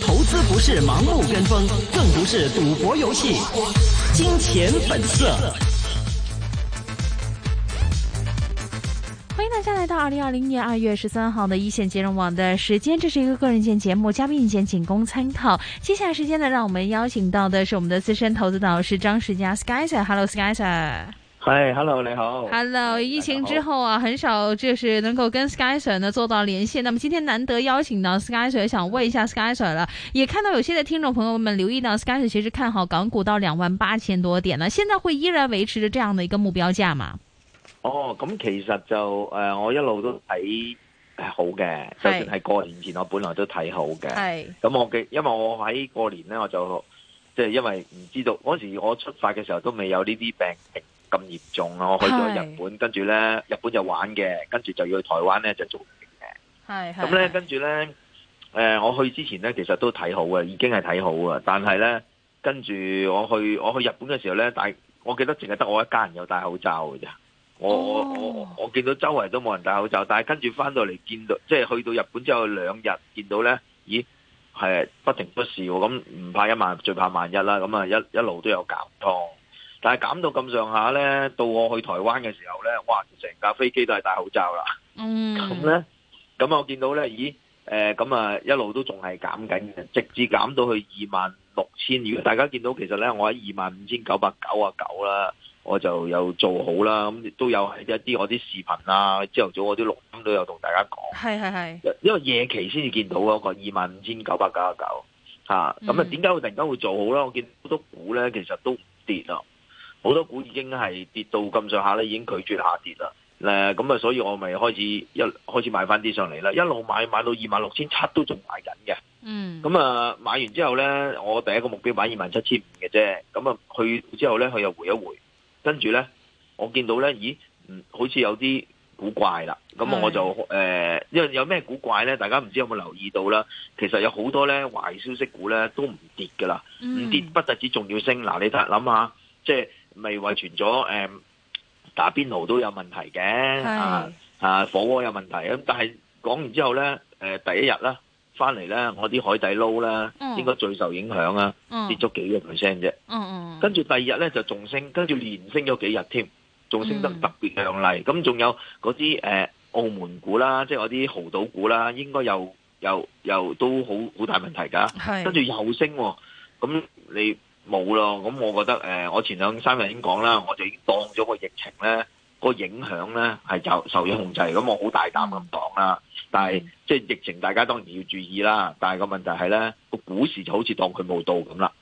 投資不是盲目跟風，更不是賭博遊戲，金錢本色。歡迎大家來到二零二零年二月十三號的一線金融網的時間，這是一個個人見節目，嘉賓意見僅供參考。接下來時間呢，讓我們邀請到的是我們的資深投資導師張士佳，Skyler，Hello Skyler。Hello, Sky hey, hello 你好。hello，疫情之後啊，很少就是能夠跟 SkySir 呢做到連線。那麼今天難得邀請到 SkySir，想問一下 SkySir 了。也看到有些的聽眾朋友們留意到 SkySir 其實看好港股到兩萬八千多點啦，現在會依然維持着這樣的一個目標價嗎？哦，咁、嗯、其實就誒、呃，我一路都睇好嘅，就算係過年前我本來都睇好嘅。係，咁我嘅，因為我喺過年呢，我就即係、就是、因為唔知道嗰時我出發嘅時候都未有呢啲病咁嚴重，我去咗日本，是跟住咧日本就玩嘅，跟住就要去台灣咧就做嘅。係咁咧，跟住咧、呃，我去之前咧，其實都睇好啊，已經係睇好啊。但係咧，跟住我去我去日本嘅時候咧，戴我記得淨係得我一家人有戴口罩嘅咋。我、哦、我我我見到周圍都冇人戴口罩，但係跟住翻到嚟見到，即係去到日本之後兩日見到咧，咦係不停不時喎咁，唔怕一萬，最怕萬一啦。咁啊一一路都有搞唔通。但係減到咁上下咧，到我去台灣嘅時候咧，哇！成架飛機都係戴口罩啦。嗯、mm.。咁咧，咁我見到咧，咦？咁、呃、啊一路都仲係減緊嘅，直至減到去二萬六千。如果大家見到其實咧，我喺二萬五千九百九啊九啦，我就有做好啦。咁亦都有係一啲我啲視頻啊，朝頭早我啲錄音都有同大家講。係係係。因為夜期先至見到啊個二萬五千九百九啊九嚇。咁啊，點解會突然間會做好啦？我見好多股咧，其實都唔跌啊。好多股已經係跌到咁上下咧，已經拒絕下跌啦。咁、呃、啊，所以我咪開始一開始買翻啲上嚟啦，一路買買到二萬六千，七都仲買緊嘅。嗯。咁啊、嗯，買完之後咧，我第一個目標買二萬七千五嘅啫。咁、嗯、啊，去之後咧，佢又回一回，跟住咧，我見到咧，咦，嗯、好似有啲古怪啦。咁我就誒，因為是、呃、有咩古怪咧？大家唔知有冇留意到啦？其實有好多咧壞消息股咧都唔跌㗎啦，唔跌不特止仲要升。嗱、嗯啊，你睇下，諗下，即係咪為傳咗誒打邊爐都有問題嘅，啊啊火鍋有問題咁，但係講完之後咧，誒第一日啦，翻嚟咧，我啲海底撈咧應該最受影響啊，跌咗幾個 percent 啫，嗯嗯，跟住第二日咧就仲升，跟住連升咗幾日添，仲升得特別強麗，咁仲有嗰啲誒澳門股啦，即係嗰啲豪賭股啦，應該又又又都好好大問題㗎，跟住又升喎，咁你。冇咯，咁我覺得我前兩三日已經講啦，我就已經當咗個疫情咧，個影響咧係受受控制，咁我好大膽咁講啦。但係、嗯、即係疫情，大家當然要注意啦。但係個問題係咧，個股市就好似當佢冇到咁啦。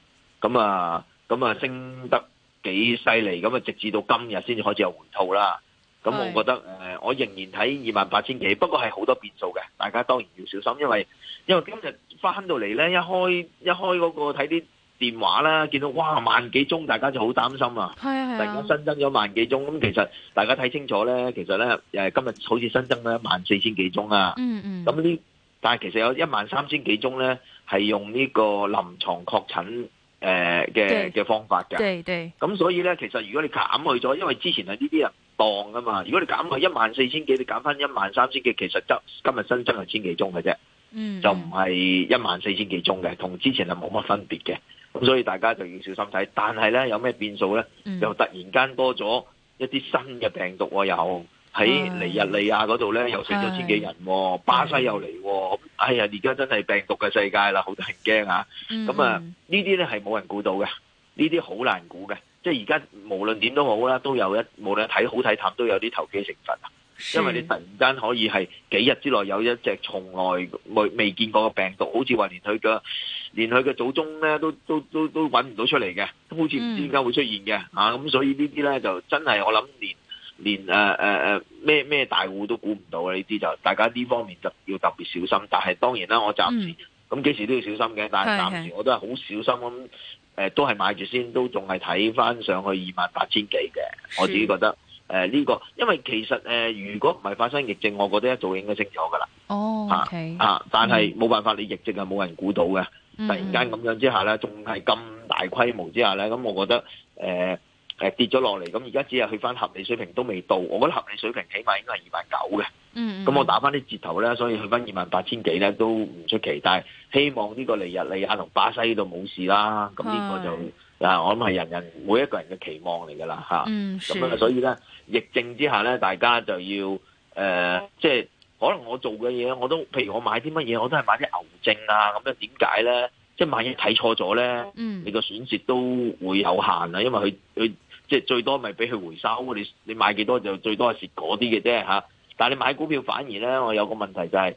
咁啊，咁啊升得幾犀利，咁啊直至到今日先至開始有回吐啦。咁我覺得是的、呃、我仍然睇二萬八千幾，不過係好多變數嘅，大家當然要小心，因為因為今日翻到嚟咧，一開一開嗰個睇啲。電話啦，見到哇萬幾宗，大家就好擔心啊！係啊突然間新增咗萬幾宗咁，其實大家睇清楚咧，其實咧今日好似新增咗萬四千幾宗啊！嗯嗯，咁呢但係其實有一萬三千幾宗咧，係用呢個臨床確診誒嘅嘅方法㗎。對對咁所以咧，其實如果你減去咗，因為之前係呢啲人當㗎嘛，如果你減去一萬四千幾，你減翻一萬三千幾，其實今日新增係千幾宗嘅啫。嗯，嗯，就唔係一萬四千幾宗嘅，同之前係冇乜分別嘅。咁所以大家就要小心睇，但係咧有咩變數咧？Mm hmm. 又突然間多咗一啲新嘅病毒，啊，又喺尼日利亞嗰度咧又死咗千幾人，啊，mm hmm. 巴西又嚟，喎。哎呀而家真係病毒嘅世界啦，好多人驚啊！咁、mm hmm. 啊呢啲咧係冇人估到嘅，呢啲好難估嘅，即係而家無論點都好啦，都有一無論睇好睇淡都有啲投機成分因為你突然間可以係幾日之內有一隻從來未未見過嘅病毒，好似話連佢嘅連佢嘅祖宗咧都都都都揾唔到出嚟嘅，都好似唔知點解會出現嘅吓，咁、嗯啊、所以這些呢啲咧就真係我諗連連誒誒誒咩咩大戶都估唔到啊！呢啲就大家呢方面就要特別小心。但係當然啦，我暫時咁幾、嗯、時都要小心嘅，但係暫時我都係好小心咁，誒、呃、都係買住先，都仲係睇返上去二萬八千幾嘅，我自己覺得。嗯誒呢、呃這個，因為其實誒、呃，如果唔係發生疫症，我覺得一早應該清楚噶啦。哦 o、oh, okay. 啊、但係冇辦法，mm hmm. 你疫症係冇人估到嘅。突然間咁樣之下咧，仲係咁大規模之下咧，咁我覺得誒誒、呃呃、跌咗落嚟，咁而家只係去翻合理水平都未到。我覺得合理水平起碼應該係二萬九嘅。嗯、mm，咁、hmm. 我打翻啲折頭咧，所以去翻二萬八千幾咧都唔出奇。但係希望呢個尼日利亞同巴西呢度冇事啦。咁呢個就。Mm hmm. 啊！但我諗係人人每一個人嘅期望嚟噶啦，咁樣啦。所以咧，疫症之下咧，大家就要誒、呃，即係可能我做嘅嘢，我都譬如我買啲乜嘢，我都係買啲牛證啊。咁樣點解咧？即係萬一睇錯咗咧，嗯、你個損蝕都會有限啊。因為佢佢即係最多咪俾佢回收。你你買幾多就最多係蝕嗰啲嘅啫。但你買股票反而咧，我有個問題就係、是、誒、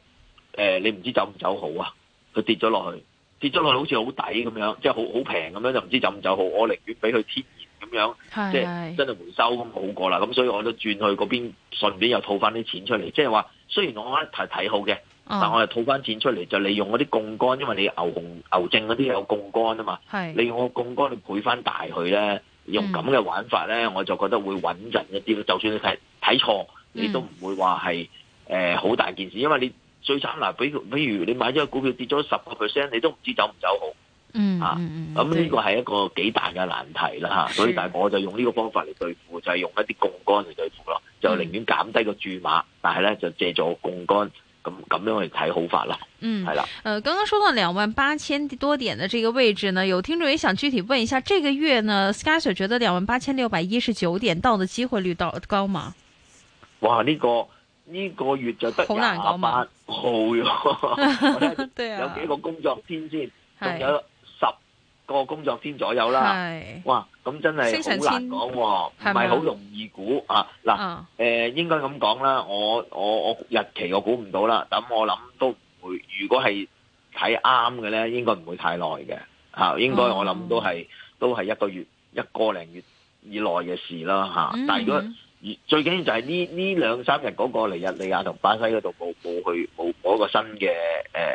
呃，你唔知走唔走好啊？佢跌咗落去。跌咗落去好似好抵咁樣，即係好好平咁樣，就唔知走唔走好。我寧願俾佢天然咁樣，即係真係回收咁好過啦。咁所以我都轉去嗰邊，順便又套翻啲錢出嚟。即係話雖然我咧睇睇好嘅，但我又套翻錢出嚟，就利用嗰啲槓桿，因為你牛熊牛證嗰啲有槓桿啊嘛，利的、嗯、用個槓桿你配翻大佢咧，用咁嘅玩法咧，我就覺得會穩陣一啲咯。就算你睇錯，你都唔會話係誒好大件事，因為你。最慘嗱，比譬如你買咗個股票跌咗十個 percent，你都唔知走唔走好。嗯，咁呢、啊、對個係一個幾大嘅難題啦。吓、啊，所以是但係我就用呢個方法嚟對付，就係、是、用一啲槓桿嚟對付咯，就寧願減低個注碼，嗯、但係咧就借助槓桿咁咁樣嚟睇好法啦。嗯，係啦。誒、呃，剛剛說到兩萬八千多點嘅這個位置呢，有聽眾也想具體問一下，這個月呢，士佳 Sir 覺得兩萬八千六百一十九點到的機會率到高嗎？哇，呢、這個。呢個月就得廿八號咗， 我看看有幾個工作天先，仲、 啊、有十個工作天左右啦。是哇，咁真係好難講喎、啊，唔係好容易估嗎啊！嗱、呃，應該咁講啦，我我我日期我估唔到啦。咁我諗都唔會，如果係睇啱嘅咧，應該唔會太耐嘅嚇。應該我諗、哦、都係都係一個月一個零月以內嘅事啦、啊、但係如果嗯嗯最緊要就係呢呢兩三日嗰、嗰個尼日利亞同巴西嗰度冇冇去冇一個新嘅，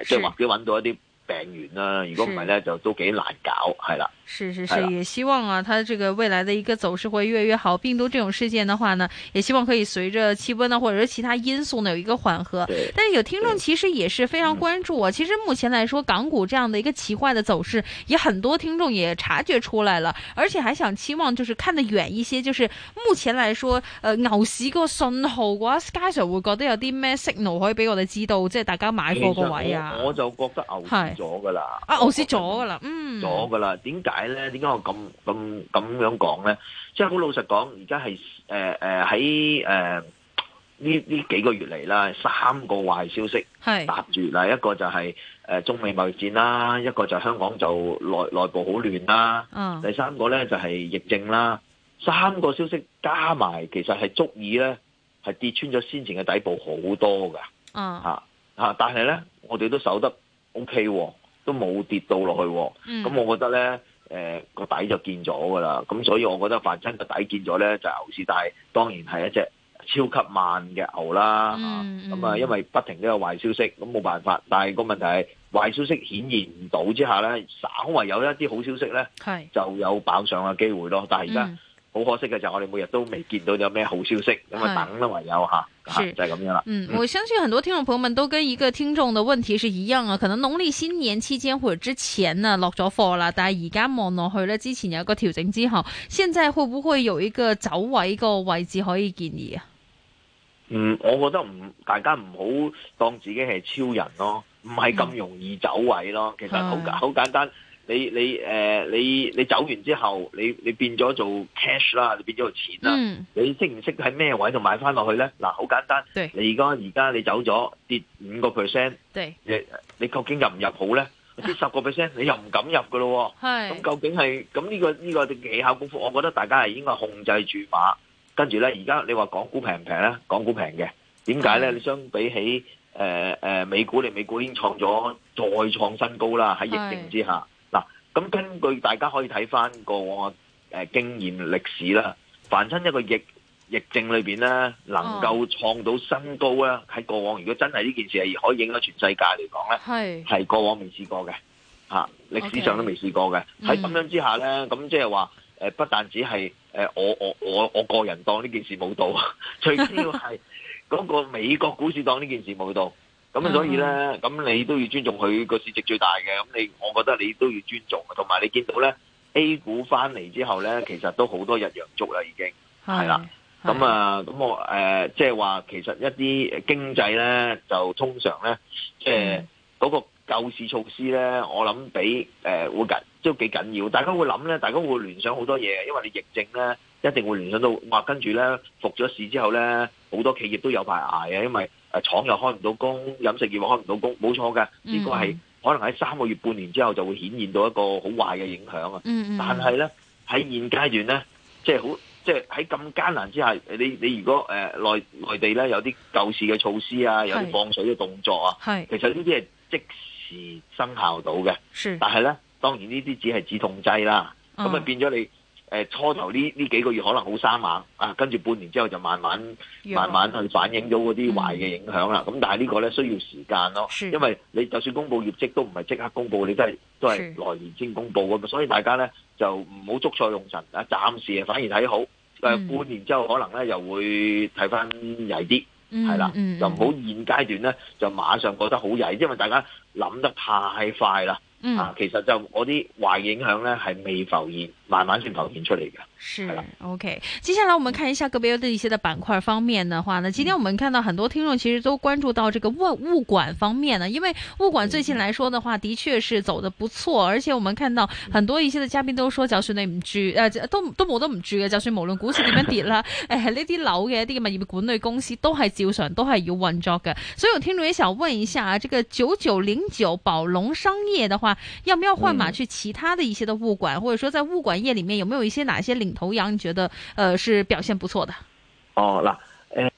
誒，即係或者搵到一啲。病源啦，如果唔係咧，是就都幾難搞，係啦。是是是，是的也希望啊，它這個未來的一個走勢會越來越好。病毒這種事件的話呢，也希望可以隨着氣溫呢，或者是其他因素呢，有一個緩和。對但係有聽眾其實也是非常關注啊。嗯、其實目前來說，港股這樣的一個奇怪的走勢，也很多聽眾也察覺出來了，而且還想期望就是看得遠一些。就是目前來說，呃牛市個信號嘅話，士佳會覺得有啲咩 signal 可以俾我哋知道，即、就、係、是、大家買過個位啊我？我就覺得牛。係。咗噶啦，啊，我知咗噶啦，嗯，咗噶啦。點解咧？點解我咁咁咁樣講咧？即係好老實講，而家係誒誒喺誒呢呢幾個月嚟啦，三個壞消息係搭住。嗱是，一個就係誒中美貿易戰啦，一個就香港就內內部好亂啦。嗯，第三個咧就係疫症啦。三個消息加埋，其實係足以咧，係跌穿咗先前嘅底部好多噶。嗯，吓吓，啊，但係咧，我哋都守得。O、okay、K，哦、都冇跌到落去、哦，咁、嗯、我覺得咧，誒、呃、個底就見咗噶啦，咁所以我覺得反正個底見咗咧，就是、牛市，但係當然係一隻超級慢嘅牛啦咁、嗯、啊，嗯、因為不停都有壞消息，咁冇辦法，但係個問題係壞消息顯現唔到之下咧，稍微有一啲好消息咧，是就有爆上嘅機會咯，但係而家。嗯好可惜嘅就係我哋每日都未見到有咩好消息，咁啊等都唯有吓，是就係咁樣啦。嗯，我相信很多聽眾朋友們都跟一個聽眾嘅問題是一樣啊。可能農曆新年期間或者之前啊，落咗貨啦，但係而家望落去呢，之前有一個調整之後，現在會不會有一個走位個位置可以建議啊？嗯，我覺得唔，大家唔好當自己係超人咯，唔係咁容易走位咯。嗯、其實好好是簡單。你你誒、呃、你你走完之後，你你變咗做 cash 啦，你變咗個錢啦。你識唔識喺咩位度買翻落去咧？嗱、啊，好簡單。對你而家而家你走咗跌五個 percent，你究竟入唔入好咧？跌十個 percent，你又唔敢入嘅咯、哦。咁 究竟係咁呢個呢、呢個技巧功夫？我覺得大家係應該控制住碼。跟住咧，而家你話港股平唔平咧？港股平嘅，點解咧？是你相比起誒、呃呃、美股，你美股已經創咗再創新高啦，喺疫情之下。咁根據大家可以睇翻過往誒經驗歷史啦，凡親一個疫疫症裏面咧，能夠創到新高咧，喺、哦、過往如果真係呢件事係可以影響全世界嚟講咧，係是過往未試過嘅，嚇、啊、歷史上 Okay. 都未試過嘅。喺咁樣之下咧，咁即係話不但只係我我我我個人當呢件事冇到，最主要係嗰個美國股市當呢件事冇到。 咁所以咧，咁你都要尊重佢個市值最大嘅。咁你，我覺得你都要尊重。同埋你見到咧，A 股翻嚟之後咧，其實都好多日陽足啦，已經係啦。咁啊，咁我即係話，呃就是、其實一啲經濟咧，就通常咧，即係嗰個救市措施咧，我諗俾誒會緊都幾緊要。大家會諗咧，大家會聯想好多嘢，因為你疫症咧，一定會聯想到話，跟住咧復咗市之後咧，好多企業都有排捱嘅，因為。誒廠又開唔到工，飲食業開唔到工，冇錯嘅，呢個係可能喺三個月、半年之後就會顯現到一個好壞嘅影響啊。嗯、但係咧，喺、嗯、現階段咧，即係好，即係喺咁艱難之下，你你如果誒、呃、內內地咧有啲救市嘅措施啊，有啲放水嘅動作啊，是其實呢啲係即時生效到嘅。是但係咧，當然呢啲只係止痛劑啦，咁啊、哦、變咗你。誒初頭呢呢幾個月可能好生猛啊，跟住半年之後就慢慢慢慢去反映咗嗰啲壞嘅影響啦。咁、嗯、但係呢個咧需要時間咯，因為你就算公布業績都唔係即刻公布，你都係都係來年先公布嘅。所以大家咧就唔好捉菜用神啊，暫時啊反而睇好。嗯、半年之後可能咧又會睇翻曳啲，係啦，嗯嗯、就唔好現階段咧就馬上覺得好曳，因為大家諗得太快啦。嗯，啊，其實就嗰啲壞影響咧，係未浮現，慢慢先浮現出嚟嘅。是 OK，接下來我們看一下個別的一些的板塊方面的話呢，嗯、今天我們看到很多聽眾其實都關注到這個物物管方面呢，因為物管最近來說的話，嗯、的確是走的不錯，而且我們看到很多一些的嘉賓都說，即使那某呃都都某的某，即使某輪股市跌了，誒、 哎，呢啲樓嘅一啲嘅你業國內公司都係照常都係有運作嘅，所以聽眾也想問一下啊，這個九九零九寶龍商業的話，要不要換馬去其他的一些的物管，嗯、或者說在物管業裏面有沒有一些哪些領？頭羊，你覺得呃是表現不錯的？哦，那哎，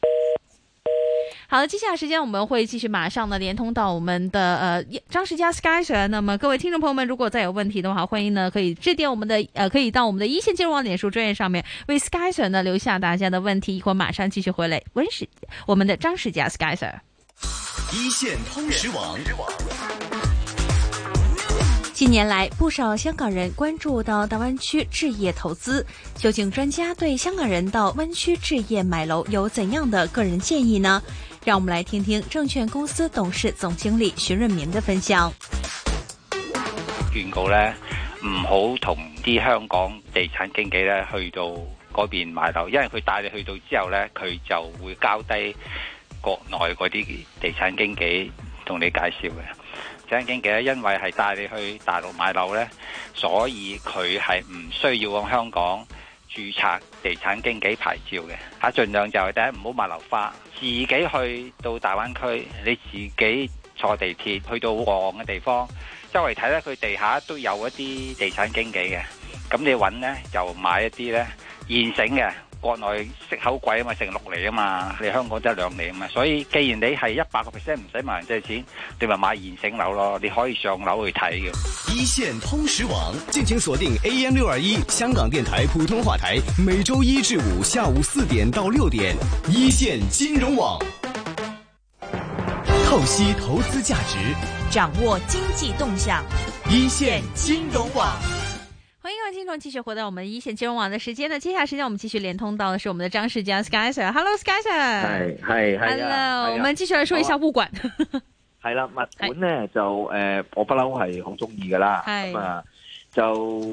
好的，接下來時間我們會繼續馬上呢連通到我們的呃張士佳 SkySir。那麼各位聽眾朋友們，如果再有問題的話，歡迎呢可以致電我們的呃可以到我們的一線金融網的臉書專頁上面為 SkySir 呢留下大家的問題，一會馬上繼續回來溫時我們的張士佳 SkySir 一線通識網之網。近年來，不少香港人關注到大灣區置業投資。究竟專家對香港人到灣區置業買樓有怎樣的個人建議呢？讓我們來聽聽證券公司董事總經理徐潤民的分享。原告呢唔好同啲香港地產經紀呢去到嗰邊買樓，因為佢帶你去到之後呢，佢就會交低國內嗰啲地產經紀同你介紹嘅。產經紀咧，因為係帶你去大陸買樓咧，所以佢係唔需要喺香港註冊地產經紀牌照嘅。嚇，儘量就係第一，唔好買樓花，自己去到大灣區，你自己坐地鐵去到旺嘅地方，周圍睇咧，佢地下都有一啲地產經紀嘅。咁你揾呢，就買一啲呢現成嘅。國內息口貴啊嘛，成六釐啊嘛，你香港得兩釐啊嘛，所以既然你係一百個 percent 唔使買人借錢，你咪買現成樓咯，你可以上樓去睇嘅。一線通識網，敬請鎖定 AM 六二一香港電台普通話台，每周一至五下午四點到六點。一線金融網，透析投資價值，掌握經濟動向。一線金融網。歡迎各位觀眾繼續回到我們一線金融網嘅時間。呢，接下來時間我們繼續連通到嘅是我們的張士佳 s k y s e r h e l l o s k y Hello , s e r 係係，Hello，我們繼續來說一下物管。係 啦，物管呢就誒、呃，我不嬲係好中意噶啦。咁啊是、嗯，就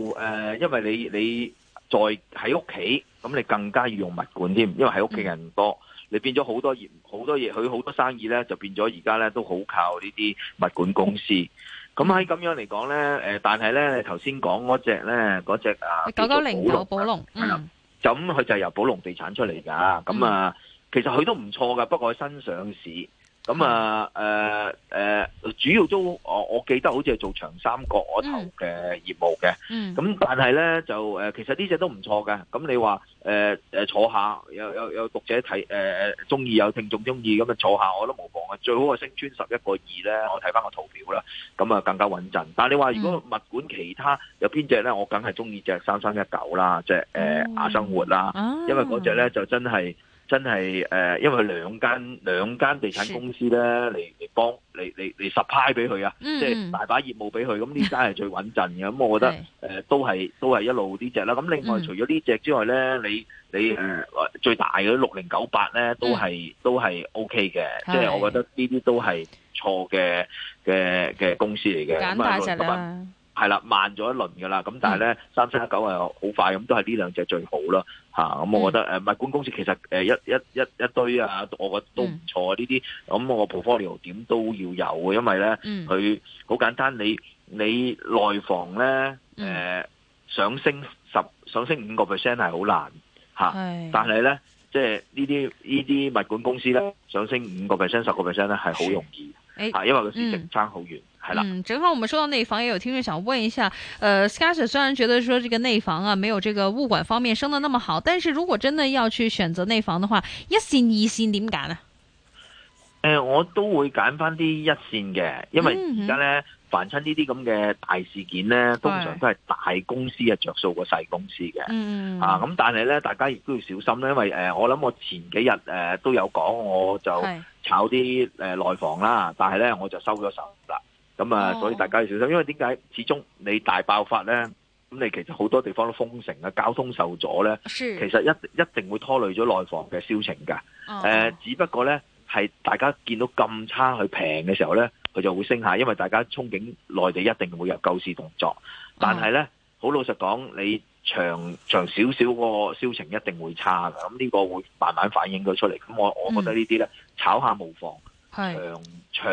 誒、呃，因為你你在喺屋企，咁你更加要用物管添，因為喺屋企人多，嗯、你變咗好多業好多嘢，佢好多生意咧，就變咗而家咧都好靠呢啲物管公司。咁喺咁樣嚟講咧，誒，但係咧，頭先講嗰隻咧，嗰隻啊，九九零九寶龍，係啦，嗯，咁佢就係由寶龍地產出嚟噶，咁啊，嗯、其實佢都唔錯噶，不過佢新上市。咁啊，誒、啊、誒、啊，主要都我我記得好似係做長三角嗰頭嘅業務嘅，咁、嗯嗯、但係咧就誒，其實呢隻都唔錯嘅。咁你話誒誒坐下有有有讀者睇誒，中、呃、意有聽眾中意咁啊，坐下我都冇妨嘅。最好係升穿十一個二咧，我睇翻個圖表啦。咁啊，更加穩陣。但係你話如果物管其他有邊隻咧，我梗係中意隻三三一九啦，隻誒雅生活啦，哦哦、因為嗰隻咧就真係。真係誒、呃，因為兩間兩間地產公司咧，嚟嚟幫，你嚟嚟實派俾佢啊，即係、嗯、大把業務俾佢，咁呢間係最穩陣嘅。咁是、嗯、我覺得誒、呃、都係都係一路呢隻啦。咁、嗯、另外除咗呢隻之外咧，你你誒、呃、最大嘅六零九八咧，都係是都係 O K 嘅，即係是我覺得呢啲都係錯嘅嘅嘅公司嚟嘅，揀大隻啦。嗯 600, 係啦，慢咗一輪噶啦，咁但係咧三星一九係好快，咁都係呢兩隻最好啦，咁、啊嗯嗯、我覺得誒物管公司其實一一一一堆啊，我覺得都唔錯啊呢啲，咁、嗯嗯、我個 portfolio 點都要有，因為咧佢好簡單，你你內房咧誒、呃嗯、上升十上升五個 percent 係好難嚇，啊、是但係咧即係呢啲呢啲物管公司咧上升五個 percent 十個 percent 咧係好容易嚇、啊，因為佢市值爭好遠。嗯係啦嗯，正好我們說到內房，也有聽眾想問一下，誒、呃、Scars 雖然覺得說這個內房啊，沒有這個物管方面升得那麼好，但是如果真的要去選擇內房的話，一線，一線，一線怎、二線點揀啊？誒，我都會揀翻啲一線嘅，因為而家咧凡親呢啲咁嘅大事件咧，嗯、哼通常都係大公司嘅是着數過細公司嘅，嗯、啊，咁但係咧，大家亦都要小心咧，因為誒、呃，我諗我前幾日誒、呃、都有講，我就炒啲誒是、呃、內房啦，但係咧我就收咗手啦。咁啊、嗯，所以大家要小心，因為點解始終你大爆發呢，咁你其實好多地方都封城啊，交通受阻呢，其實一一定會拖累咗內房嘅銷情噶。誒、呃，只不過呢，係大家見到咁差去平嘅時候呢，佢就會升下，因為大家憧憬內地一定會有救市動作。但係呢，好老實講，你長長少少個銷情一定會差噶，咁呢個會慢慢反映佢出嚟。咁我我覺得呢啲呢，炒下無妨。是長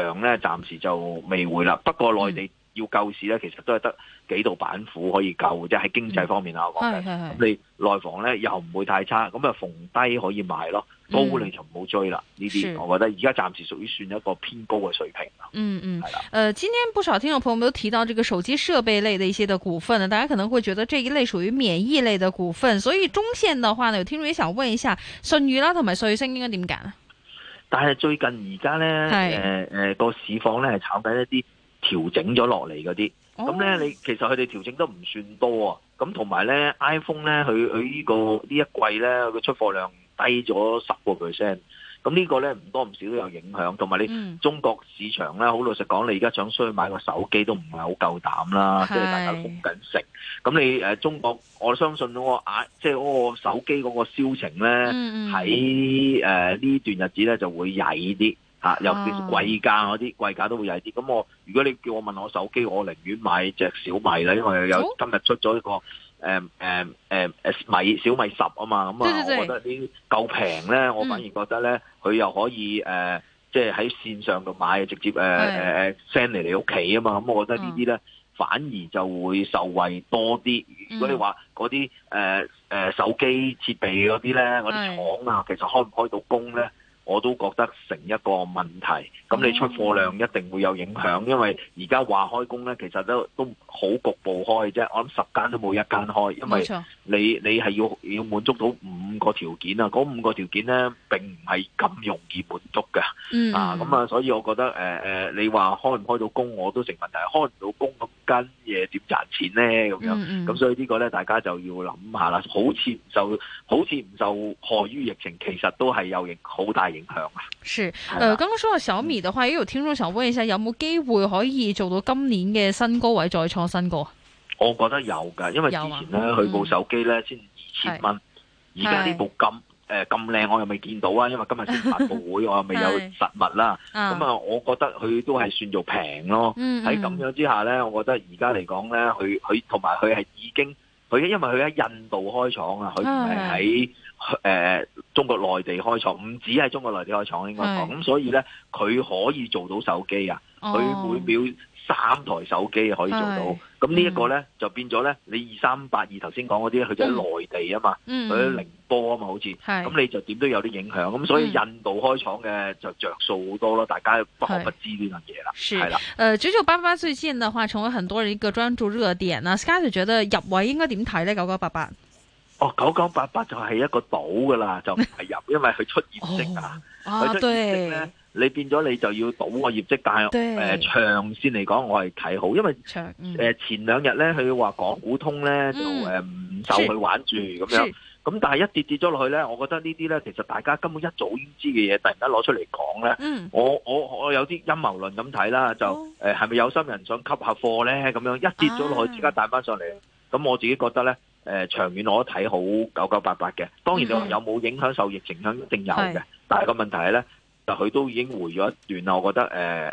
長咧，暫時就未會啦。是不過內地要救市咧，嗯、其實都係得幾度板斧可以救，即係喺經濟方面，咁你內房咧又唔會太差，咁啊逢低可以買咯，高你就唔好追啦。呢啲、嗯、我覺得而家暫時屬於算一個偏高嘅水平嗯是的嗯，誒、嗯呃，今天不少聽眾朋友們都提到這個手機設備類的一些的股份，呢，大家可能會覺得這一類屬於免疫類的股份，所以中線的話，呢，有聽眾也想問一下，舜宇啦同埋瑞聲應該點揀啊？但係最近而家咧，誒誒個市況咧係炒緊一啲調整咗落嚟嗰啲，咁咧、oh. 你其實佢哋調整都唔算多，咁同埋咧 iPhone 咧佢佢呢，呢、呢個呢一季咧佢出貨量低咗十個 percent。咁呢個咧唔多唔少都有影響，同埋你中國市場咧，好、嗯、老實講，你而家想出去買個手機都唔係好夠膽啦，是即係大家供緊食。咁你、呃、中國，我相信嗰個啊，即係嗰個手機嗰個銷情咧，喺呢、嗯嗯呃、段日子咧就會曳啲嚇，尤其是貴價嗰啲，貴價都會曳啲。咁我如果你叫我問我手機，我寧願買隻小米啦，因為有、哦、今日出咗一個。誒誒誒誒，米小米十啊嘛，咁啊，我覺得呢啲夠平咧，嗯、我反而覺得咧，佢又可以誒、呃，即係喺線上度買，直接誒誒誒 send 嚟你屋企啊嘛，咁、嗯嗯、我覺得呢啲咧，反而就會受惠多啲。如果你話嗰啲誒誒手機設備嗰啲咧，嗰啲廠啊，其實開唔開到工咧，我都覺得成一個問題。咁你出貨量一定會有影響，嗯、因為而家話開工咧，其實都都。好局部開啫，我諗十間都冇一間開，因為你你係要要滿足到五個條件啊，嗰、那個、五個條件咧並唔係咁容易滿足噶，啊咁、嗯嗯、啊，所以我覺得誒誒、呃，你話開唔開到工我都成問題，開唔到工咁間嘢點賺錢咧咁樣，咁、嗯嗯、所以這個呢個咧大家就要諗下啦，好似唔受好似唔受害於疫情，其實都係有影好大影響啊。是，誒吧，剛剛講到小米嘅話，呢條天數想問一下，有冇機會可以做到今年嘅新高位再創？新過，我覺得有噶，因為之前咧佢部手機咧先二千蚊，而家呢部咁誒咁靚，我又未見到啊，因為今日先發佈會 是我又未有實物啦。咁啊我嗯嗯，我覺得佢都係算做平咯。喺咁樣之下咧，我覺得而家嚟講咧，佢佢同埋佢係已經，佢因為佢喺印度開廠啊，佢唔係喺誒中國內地開廠，唔止喺中國內地開廠應該講。咁是、嗯、所以咧，佢可以做到手機啊。佢、哦、每秒三台手機可以做到，咁是呢一個咧就變咗咧，你二三八二頭先講嗰啲，佢就喺內地啊嘛，佢喺、嗯、寧波啊嘛好，好似是，咁你就點都有啲影響，咁是所以印度開廠嘅就着數好多咯。大家不可不知呢樣嘢啦，係啦是，誒了、呃、九九八八最近嘅話成為很多人一個專注熱點啦、啊、Sky 就覺得入位應該點睇咧九九八八？哦，九九八八就係一個賭噶啦，就唔係入，因為佢出業績啊，佢出業績咧，你變咗你就要賭個業績，但係誒長線嚟講，我係睇好，因為誒前兩日咧，佢話港股通咧就誒唔受佢玩住咁樣，咁但係一跌跌咗落去咧，我覺得呢啲咧其實大家根本一早已經知嘅嘢，突然間攞出嚟講咧，我我我有啲陰謀論咁睇啦，就誒係咪有心人想吸下貨咧咁樣，一跌咗落去即刻帶翻上嚟，咁我自己覺得咧。誒、呃，長遠我都睇好九九八八嘅。當然，有沒有冇影響受疫情影響、嗯、一定有嘅。是但係個問題係咧，就佢都已經回咗一段啦。我覺得，誒、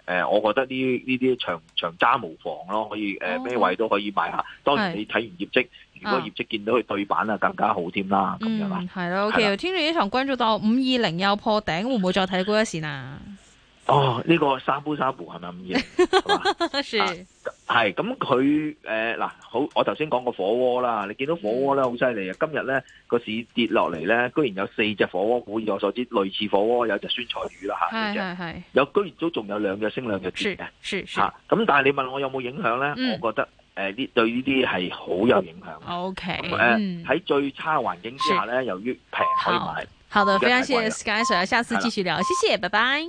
呃、誒，我覺得呢呢啲長長揸無妨咯。可以誒，咩、呃哦、位都可以買下。當然，你睇完業績，是如果業績見到佢對板，啊，更加好添啦。咁樣啦，係咯。O K，天瑞呢場關注到五二零又破頂，會唔會再睇高一線啊？哦，呢、這個三杯三步係咪五二零？係。 啊 係咁佢誒嗱，好，我頭先講個火鍋啦，你見到火鍋咧好犀利啊！今日咧個市跌落嚟咧，居然有四隻火鍋股，以我所知類似火鍋有隻酸菜魚啦吓，係係有居然都仲有兩隻升兩隻跌嘅，係咁是、啊。但係你問我有冇影響咧？嗯、我覺得誒，呢、呃、對呢啲係好有影響。OK，喺最差環境之下咧，是 由於平可以買，好，多非常之嘅 discussion 下次繼續聊，的謝謝，拜拜。